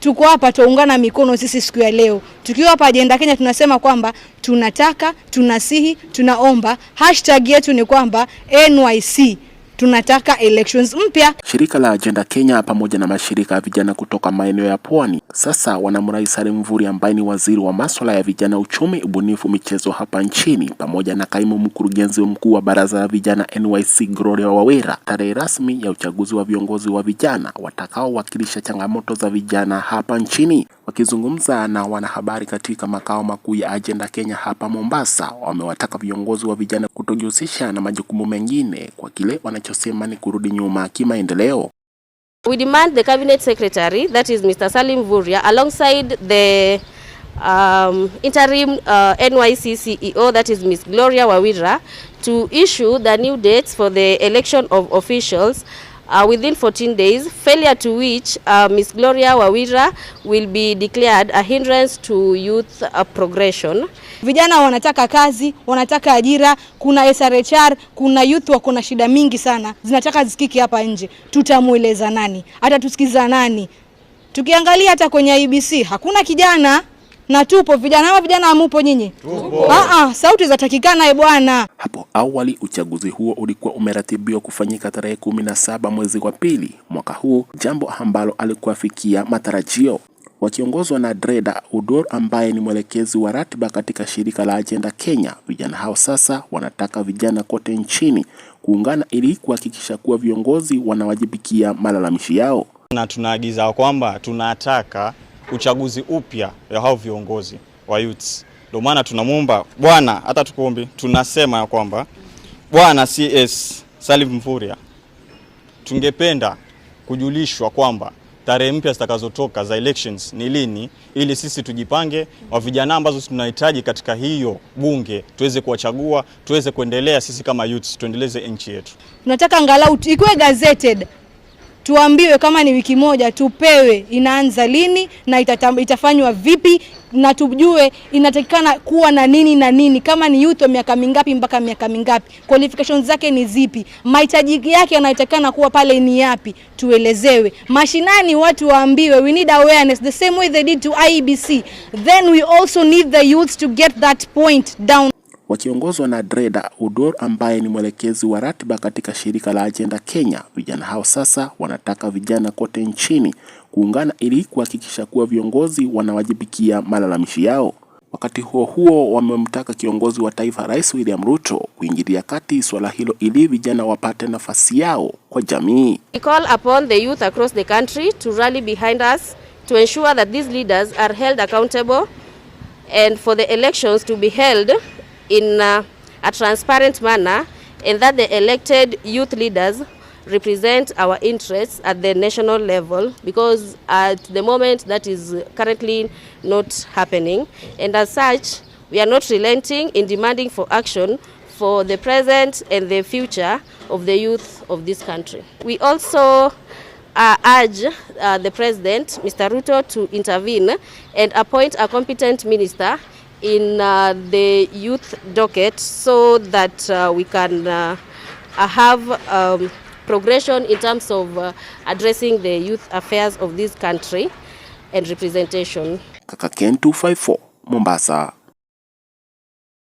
tuko hapa tuungana mikono sisi siku ya leo, tukiwa hapa ajenda Kenya tunasema kwamba tunataka, tunasihi, tunaomba. Hashtag yetu ni kwamba NYC tunataka elections mpya. Shirika la Agenda Kenya pamoja na mashirika ya vijana kutoka maeneo ya pwani sasa wanamrai Salim Mvurya ambaye ni waziri wa masuala ya vijana, uchumi, ubunifu, michezo hapa nchini pamoja na kaimu mkurugenzi mkuu wa baraza la vijana NYC Gloria Wawera tarehe rasmi ya uchaguzi wa viongozi wa vijana watakaowakilisha changamoto za vijana hapa nchini. Wakizungumza na wanahabari katika makao makuu ya Agenda Kenya hapa Mombasa, wamewataka viongozi wa vijana kutojihusisha na majukumu mengine kwa kile wanachosema ni kurudi nyuma kimaendeleo. We demand the cabinet secretary that is Mr. Salim Vuria alongside the um, interim uh, NYC CEO that is Ms. Gloria Wawira to issue the new dates for the election of officials uh, within 14 days, failure to which uh, Miss Gloria Wawira will be declared a hindrance to youth uh, progression. Vijana wanataka kazi, wanataka ajira. Kuna SRHR, kuna youth wako na shida mingi sana zinataka zikiki hapa nje. Tutamweleza nani? Hata tusikiza nani? Tukiangalia hata kwenye IBC hakuna kijana na tupo vijana. Ama vijana amupo nyinyi? Ah, ah, sauti zatakikana eh, bwana. Hapo awali uchaguzi huo ulikuwa umeratibiwa kufanyika tarehe kumi na saba mwezi wa pili mwaka huu, jambo ambalo alikuafikia matarajio wakiongozwa na Dreda Udor ambaye ni mwelekezi wa ratiba katika shirika la Ajenda Kenya. Vijana hao sasa wanataka vijana kote nchini kuungana ili kuhakikisha kuwa viongozi wanawajibikia malalamishi yao, na tunaagiza kwamba tunataka uchaguzi upya ya hao viongozi wa youth. Ndio maana tunamwomba Bwana, hata tukuombe, tunasema ya kwamba Bwana CS Salim Mvurya, tungependa kujulishwa kwamba tarehe mpya zitakazotoka za elections ni lini, ili sisi tujipange wa vijana ambazo tunahitaji katika hiyo bunge tuweze kuwachagua, tuweze kuendelea sisi kama youths, tuendeleze nchi yetu. Tunataka angalau ikiwe gazetted tuambiwe kama ni wiki moja tupewe, inaanza lini na itafanywa vipi na tujue inatakikana kuwa na nini na nini, kama ni youth miaka mingapi mpaka miaka mingapi, qualifications zake ni zipi, mahitaji yake yanayotakikana kuwa pale ni yapi, tuelezewe. Mashinani watu waambiwe, we need awareness the same way they did to IEBC, then we also need the youths to get that point down wakiongozwa na Dreda Udor ambaye ni mwelekezi wa ratiba katika shirika la Agenda Kenya. Vijana hao sasa wanataka vijana kote nchini kuungana ili kuhakikisha kuwa viongozi wanawajibikia malalamishi yao. Wakati huo huo, wamemtaka kiongozi wa taifa Rais William Ruto kuingilia kati swala hilo ili vijana wapate nafasi yao kwa jamii. We call upon the youth across the country to rally behind us to ensure that these leaders are held accountable and for the elections to be held in uh, a transparent manner and that the elected youth leaders represent our interests at the national level because at the moment that is currently not happening and as such we are not relenting in demanding for action for the present and the future of the youth of this country. We also uh, urge uh, the president Mr. Ruto to intervene and appoint a competent minister in uh, the youth docket so that uh, we can uh, have um, progression in terms of uh, addressing the youth affairs of this country and representation. Kaka Ken 254, Mombasa.